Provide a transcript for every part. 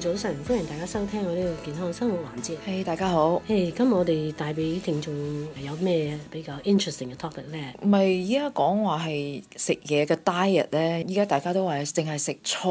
早晨，歡迎大家收聽我呢個健康生活環節。係，hey, 大家好。嘿，hey, 今日我哋帶俾聽眾有咩比較 interesting 嘅 topic 咧？唔係依家講話係食嘢嘅 diet 咧，依家大家都話淨係食菜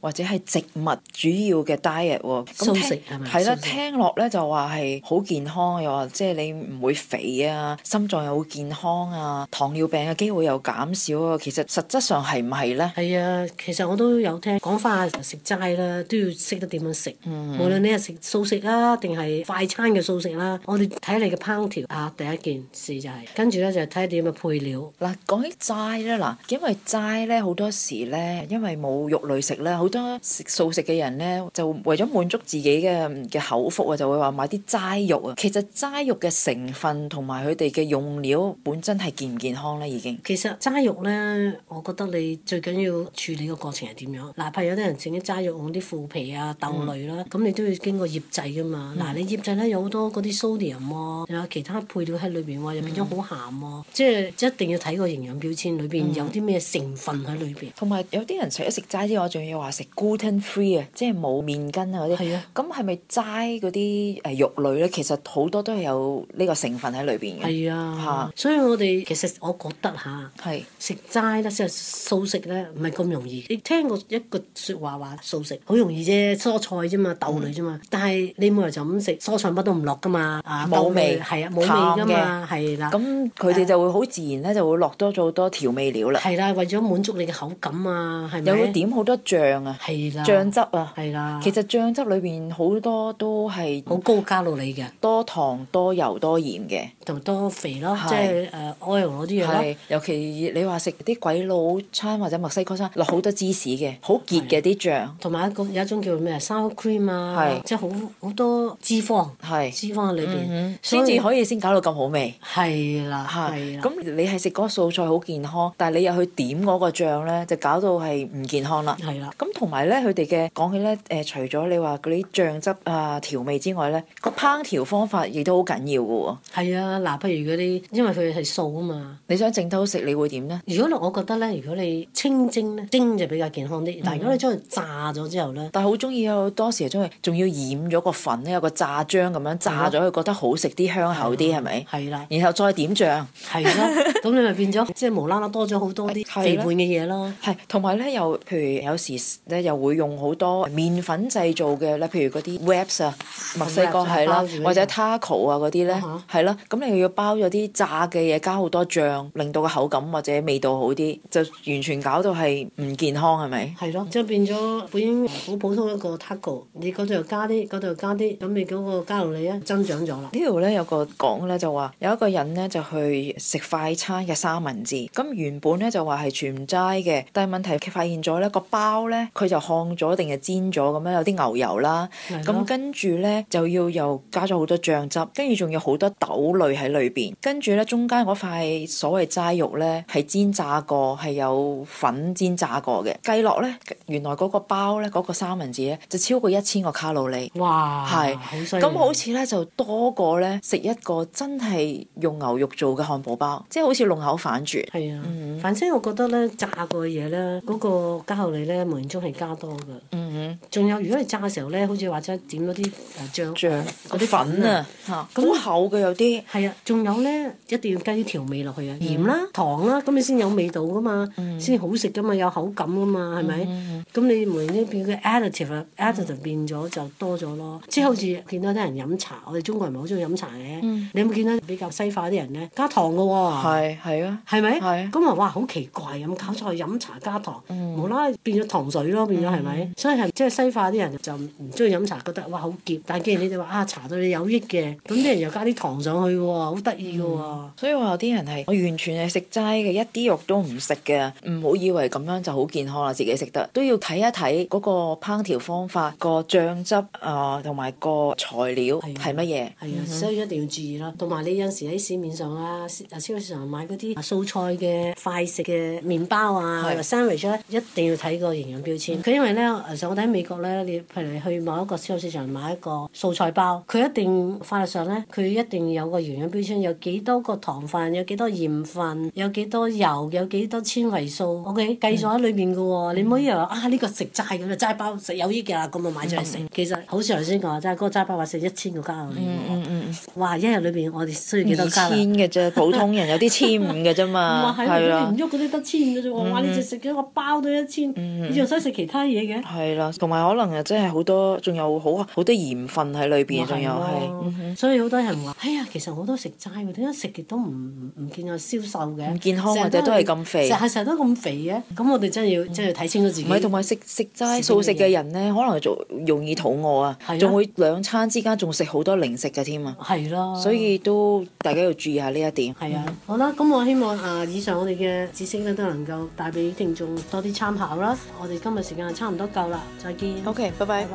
或者係植物主要嘅 diet 喎。素食係咪？係啦，聽落咧就話係好健康，又話即係你唔會肥啊，心臟又好健康啊，糖尿病嘅機會又減少啊。其實實質上係唔係咧？係啊，其實我都有聽講返食齋啦，都要食得。點樣食？嗯、無論你係食素食啦、啊，定係快餐嘅素食啦、啊，我哋睇你嘅烹調嚇、啊、第一件事就係、是，跟住咧就睇下點嘅配料。嗱，講起齋啦，嗱，因為齋咧好多時咧，因為冇肉類食啦，好多食素食嘅人咧，就為咗滿足自己嘅嘅口福啊，就會話買啲齋肉啊。其實齋肉嘅成分同埋佢哋嘅用料本身係健唔健康咧？已經其實齋肉咧，我覺得你最緊要處理嘅過程係點樣？嗱，譬如有啲人整啲齋肉用啲腐皮啊。豆類啦，咁、嗯、你都要經過醃製噶嘛？嗱、嗯，你醃製咧有好多嗰啲 sodium 喎、啊，有其他配料喺裏面喎、啊，就變咗好鹹喎、啊。嗯、即係一定要睇個營養標籤裡，裏面、嗯、有啲咩成分喺裏面。同埋有啲人除咗食齋之外，仲要話食 gluten free 啊，即係冇麵筋啊嗰啲。係啊，咁係咪齋嗰啲誒肉類咧？其實好多都係有呢個成分喺裏面嘅。係啊，是所以我哋其實我覺得下，係食齋即食素，即係、素食咧，唔係咁容易。你聽過一句說話話素食好容易啫？蔬菜啫嘛，豆類啫嘛，但係你冇人就咁食，蔬菜乜都唔落噶嘛，啊，冇味，係啊冇味噶嘛，係啦。咁佢哋就會好自然咧，就會落多咗好多調味料啦。係啦，為咗滿足你嘅口感啊，係咪？有會點好多醬啊，醬汁啊，係啦。其實醬汁裏邊好多都係好高卡路里嘅，多糖、多油、多鹽嘅，同多肥咯，即係誒油類嗰啲嘢咯。係，尤其你話食啲鬼佬餐或者墨西哥餐，落好多芝士嘅，好結嘅啲醬，同埋一個有一種叫咩？Sour cream 啊，即係好好多脂肪，脂肪喺裏邊，先至可以先搞到咁好味。係啦，係啦。咁你係食嗰素菜好健康，但係你又去點嗰個醬咧，就搞到係唔健康啦。係啦。咁同埋咧，佢哋嘅講起咧，誒，除咗你話嗰啲醬汁啊、調味之外咧，個烹調方法亦都好緊要嘅喎。係啊，嗱，不如嗰啲，因為佢係素啊嘛。你想整得好食，你會點咧？如果我覺得咧，如果你清蒸咧，蒸就比較健康啲。但係如果你將佢炸咗之後咧，但係好中意。又多時仲要染咗個粉，有個炸漿咁樣炸咗，佢覺得好食啲、香口啲，係咪？係啦，然後再點醬，係啦，咁你咪變咗，即係無啦啦多咗好多啲肥胖嘅嘢啦。係，同埋咧，又譬如有時咧，又會用好多麵粉製造嘅咧，譬如嗰啲 wraps 啊、墨西哥係啦，或者 taco 啊嗰啲咧，係啦，咁你又要包咗啲炸嘅嘢，加好多醬，令到個口感或者味道好啲，就完全搞到係唔健康，係咪？係咯，即係變咗本應好普通一個。一個，你嗰度加啲，嗰度加啲，咁你嗰個卡路里咧增長咗啦。呢度咧有個講咧就話，有一個人咧就去食快餐嘅三文治，咁原本咧就話係全齋嘅，但係問題佢發現咗咧個包咧佢就烘咗定係煎咗咁樣，有啲牛油啦，咁的跟住咧就要又加咗好多醬汁，跟住仲有好多豆類喺裏邊，跟住咧中間嗰塊所謂齋肉咧係煎炸過，係有粉煎炸過嘅。計落咧，原來嗰個包咧嗰個三文治咧。就超過一千個卡路里，哇，係，咁好似咧就多過咧食一個真係用牛肉做嘅漢堡包，即係好似龍口反轉。係啊，反正我覺得咧炸過嘅嘢咧嗰個卡路里咧無形中係加多嘅。嗯哼，仲有如果你炸嘅時候咧，好似或者點嗰啲醬、醬嗰啲粉啊，好厚嘅有啲。係啊，仲有咧一定要加啲調味落去啊，鹽啦、糖啦，咁你先有味道噶嘛，先好食噶嘛，有口感噶嘛，係咪？咁你無形中變佢 additive 啦。一陣、嗯、就變咗，就多咗咯。即係好似見到啲人飲茶，我哋中國人咪好中意飲茶嘅。嗯、你有冇見到比較西化啲人咧？加糖噶喎、哦，係係啊，係咪？係、啊。咁啊，哇，好奇怪！咁搞出嚟飲茶加糖，嗯、無啦啦變咗糖水咯，變咗係咪？所以係即係西化啲人就唔中意飲茶，覺得哇好澀。但係既然你哋話啊，茶對你有益嘅，咁啲人又加啲糖上去喎、哦，好得意嘅喎。所以話有啲人係我完全係食齋嘅，一啲肉都唔食嘅。唔好以為咁樣就好健康啦，自己食得都要睇一睇嗰個烹調方法。方法、個醬汁啊，同、呃、埋個材料係乜嘢？係啊，是所以一定要注意啦。同埋你有時喺市面上啊，超級市場買嗰啲素菜嘅快食嘅麵包啊，是或者 sandwich 咧、啊，一定要睇個營養標籤。佢、嗯、因為咧，其實我哋喺美國咧，你譬如去某一個超級市場買一個素菜包，佢一定法律上咧，佢一定有一個營養標籤，有幾多個糖分，有幾多鹽分，有幾多油，有幾多纖維素。OK，計咗喺裏面嘅喎、哦。你唔好以為、嗯、啊呢、呢個食齋咁啊齋包食有益。啊！咁我買咗嚟食，其實好似頭先講啊，齋嗰齋包話食一千個加喎，嗯嗯嗯嗯，哇！一日裏邊我哋需要幾多加啊？千嘅啫，普通人有啲千五嘅啫嘛，係啊，唔喐嗰啲得千嘅啫喎，哇！你淨食一個包都一千，你仲使食其他嘢嘅？係啦，同埋可能又真係好多，仲有好啊，好多鹽分喺裏邊，仲有係，所以好多人話：哎呀，其實好多食齋喎，點解食極都唔唔見有消瘦嘅？唔健康或者都係咁肥，成日都咁肥嘅。咁我哋真係要真係要睇清楚自己。唔係，同埋食食齋素食嘅人呢。可能仲容易肚餓啊，仲會兩餐之間仲食好多零食嘅添啊，係咯，所以都大家要注意一下呢一點。係啊，嗯、好啦，咁我希望啊，以上我哋嘅知識咧都能夠帶俾聽眾多啲參考啦。我哋今日時間差唔多夠啦，再見。OK，拜拜。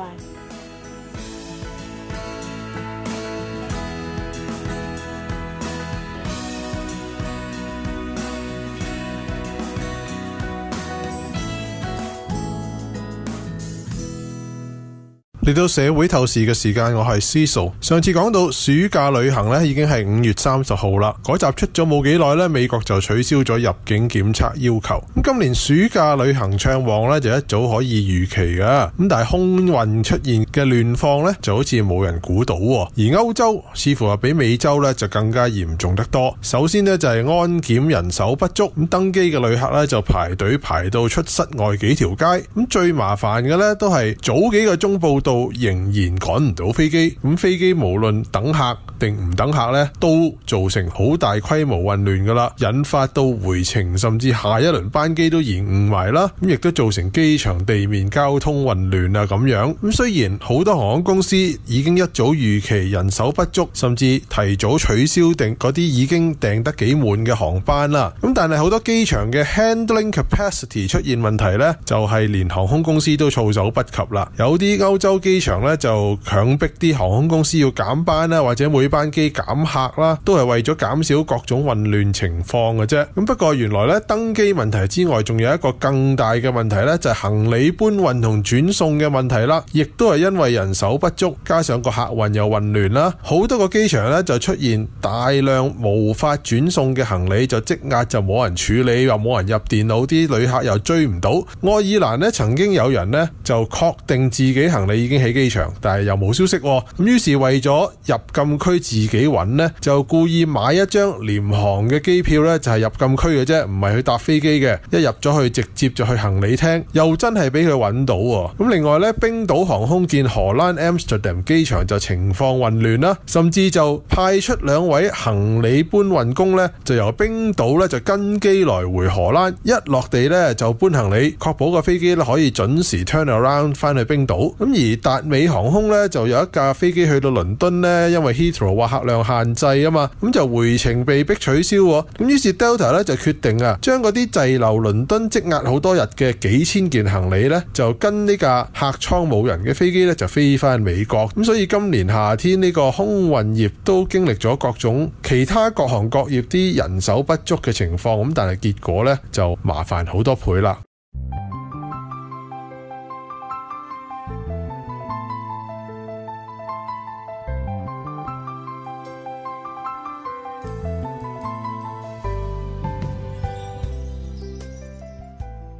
嚟到社會透視嘅時間，我係 Cecil。上次講到暑假旅行呢，已經係五月三十號啦。嗰集出咗冇幾耐呢，美國就取消咗入境檢測要求。咁今年暑假旅行暢旺呢，就一早可以預期噶咁但係空運出現嘅亂況呢，就好似冇人估到。而歐洲似乎話比美洲呢，就更加嚴重得多。首先呢，就係安檢人手不足，咁登機嘅旅客呢，就排隊排到出室外幾條街。咁最麻煩嘅呢，都係早幾個鐘報到。仍然趕唔到飛機，咁飛機無論等客定唔等客呢，都造成好大規模混亂噶啦，引發到回程甚至下一輪班機都延誤埋啦，咁亦都造成機場地面交通混亂啊咁樣。咁雖然好多航空公司已經一早預期人手不足，甚至提早取消定嗰啲已經訂得幾滿嘅航班啦，咁但係好多機場嘅 handling capacity 出現問題呢，就係連航空公司都措手不及啦，有啲歐洲。機場咧，就強逼啲航空公司要減班啦，或者每班機減客啦，都係為咗減少各種混亂情況嘅啫。咁不過原來咧，登機問題之外，仲有一個更大嘅問題咧，就係、是、行李搬運同轉送嘅問題啦。亦都係因為人手不足，加上個客運又混亂啦，好多個機場咧就出現大量無法轉送嘅行李，就積壓就冇人處理，又冇人入電腦，啲旅客又追唔到。愛爾蘭咧曾經有人咧就確定自己行李已經。起機場，但係又冇消息喎。咁，於是為咗入禁區自己揾呢，就故意買一張廉航嘅機票呢就係入禁區嘅啫，唔係去搭飛機嘅。一入咗去，直接就去行李廳，又真係俾佢揾到喎。咁另外呢，冰島航空見荷蘭 Amsterdam 機場就情況混亂啦，甚至就派出兩位行李搬運工呢，就由冰島咧就跟機來回荷蘭，一落地呢，就搬行李，確保個飛機咧可以準時 turn around 返去冰島。咁而達美航空咧就有一架飛機去到倫敦咧，因為 Heathrow 話客量限制啊嘛，咁就回程被迫取消。咁於是 Delta 咧就決定啊，將嗰啲滯留倫敦積壓好多日嘅幾千件行李咧，就跟呢架客艙冇人嘅飛機咧就飛翻美國。咁所以今年夏天呢個空運業都經歷咗各種其他各行各業啲人手不足嘅情況，咁但係結果咧就麻煩好多倍啦。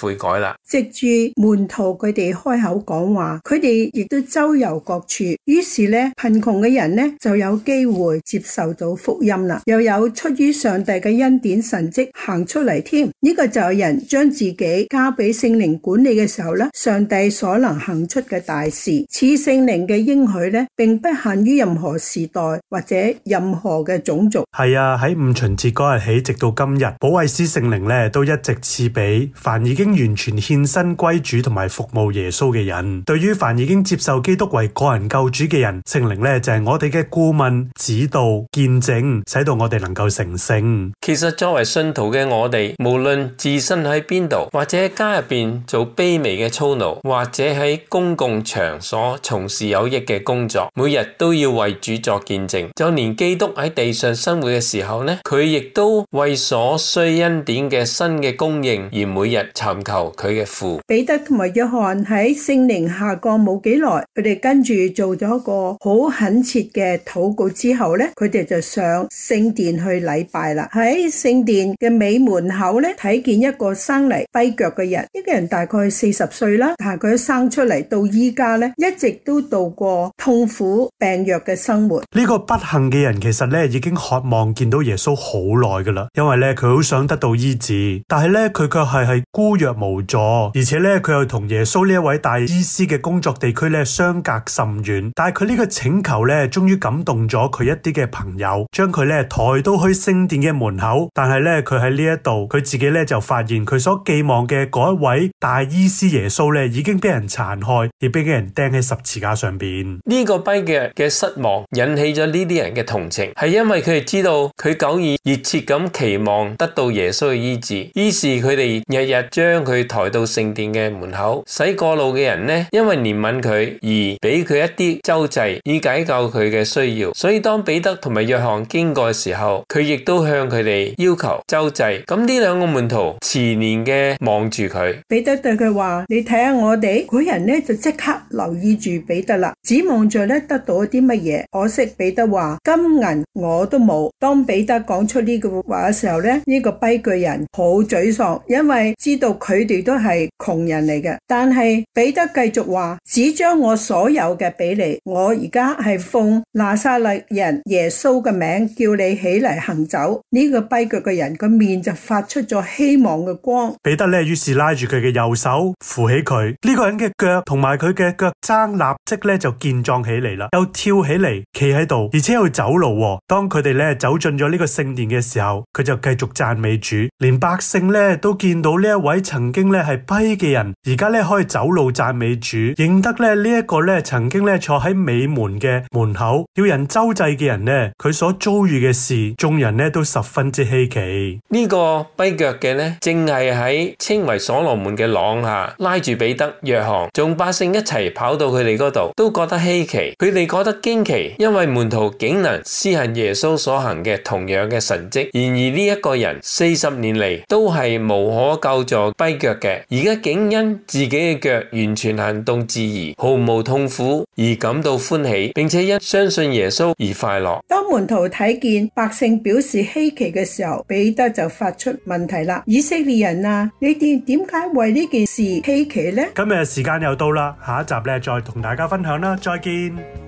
悔改啦！藉住門徒佢哋開口講話，佢哋亦都周遊各處，於是咧貧窮嘅人呢，就有機會接受到福音啦。又有出於上帝嘅恩典神蹟行出嚟添。呢個就係人將自己交俾聖靈管理嘅時候咧，上帝所能行出嘅大事。此聖靈嘅應許呢，並不限於任何時代或者任何嘅種族。係啊，喺五旬節嗰日起，直到今日，保惠師聖靈呢都一直賜俾凡已經。完全獻身歸主同埋服務耶穌嘅人，對於凡已經接受基督為個人救主嘅人，聖靈呢就係我哋嘅顧問、指導、見證，使到我哋能夠成聖。其實作為信徒嘅我哋，無論自身喺邊度，或者喺家入邊做卑微嘅操勞，或者喺公共場所從事有益嘅工作，每日都要為主作見證。就連基督喺地上生活嘅時候呢，佢亦都為所需恩典嘅新嘅供應而每日尋求佢嘅父彼得同埋約翰喺聖靈下降冇幾耐，佢哋跟住做咗一個好懇切嘅禱告之後咧，佢哋就上聖殿去禮拜啦。喺聖殿嘅尾門口咧，睇見一個生嚟跛腳嘅人，一個人大概四十歲啦，但係佢一生出嚟到依家咧，一直都度過痛苦病弱嘅生活。呢個不幸嘅人其實咧，已經渴望見到耶穌好耐噶啦，因為咧佢好想得到醫治，但係咧佢卻係係孤弱。無助，而且咧佢又同耶穌呢一位大醫師嘅工作地區咧相隔甚遠。但係佢呢個請求咧，終於感動咗佢一啲嘅朋友，將佢咧抬到去聖殿嘅門口。但係咧佢喺呢一度，佢自己咧就發現佢所寄望嘅嗰一位大醫師耶穌咧，已經俾人殘害，亦俾人釘喺十字架上邊。呢個跛嘅嘅失望，引起咗呢啲人嘅同情，係因為佢哋知道佢久已熱切咁期望得到耶穌嘅醫治，於是佢哋日日將佢抬到聖殿嘅門口，使過路嘅人呢，因為憐憫佢而俾佢一啲周濟，以解救佢嘅需要。所以當彼得同埋約翰經過嘅時候，佢亦都向佢哋要求周濟。咁呢兩個門徒遲鈍嘅望住佢，彼得對佢話，你睇下我哋。嗰人呢就即刻留意住彼得啦，指望著呢得到一啲乜嘢。可惜彼得話，金銀我都冇。當彼得講出呢句話嘅時候呢，呢個跛巨人好沮喪，因為知道。佢哋都係窮人嚟嘅，但係彼得繼續話：只將我所有嘅俾你。我而家係奉拿撒勒人耶穌嘅名叫你起嚟行走。呢個跛腳嘅人個面就發出咗希望嘅光。彼得咧，於是拉住佢嘅右手扶起佢。呢個人嘅腳同埋佢嘅腳踭立即咧就健壯起嚟啦，又跳起嚟，企喺度，而且又走路喎。當佢哋咧走進咗呢個聖殿嘅時候，佢就繼續讚美主，連百姓咧都見到呢一位。曾經咧係跛嘅人，而家咧可以走路讚美主，認得咧呢一個咧曾經咧坐喺美門嘅門口要人周濟嘅人呢，佢所遭遇嘅事，眾人呢都十分之稀奇。呢個跛腳嘅呢，正係喺稱為所羅門嘅廊下拉住彼得、約翰，眾百姓一齊跑到佢哋嗰度，都覺得稀奇。佢哋覺得驚奇，因為門徒竟能施行耶穌所行嘅同樣嘅神蹟。然而呢一個人四十年嚟，都係無可救助。跛腳嘅，而家竟因自己嘅腳完全行動自如，毫無痛苦而感到歡喜，並且因相信耶穌而快樂。當門徒睇見百姓表示稀奇嘅時候，彼得就發出問題啦：「以色列人啊，你哋點解為呢件事稀奇呢？」今日嘅時間又到啦，下一集咧，再同大家分享啦，再見。